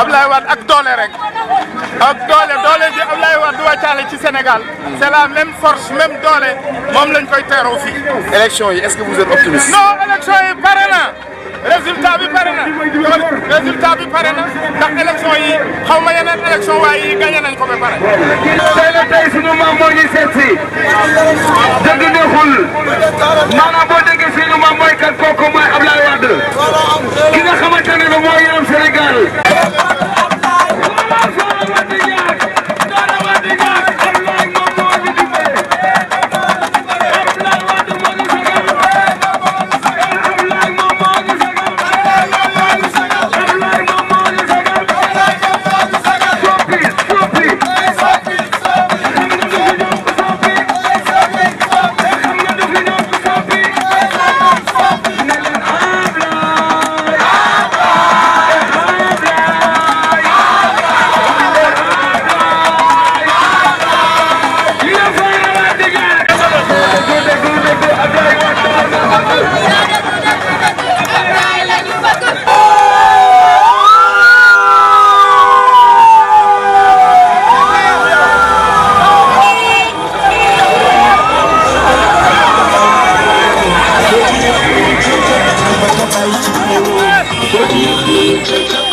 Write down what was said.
Abdoulaye Wade ak doole rek ak doole doole ji Abdoulaye Wade du wàccaale ci Sénégal c'est la même force même doole moom lañ koy teeroo fii. élection yi est-ce que vous êtes optimiste. non élection yi pare na résultat bi pare na résultat bi yi xaw yeneen élection waaye yi nañ ko ba pare. tey la tey sunu maam moo ñuy seet si. Thank you.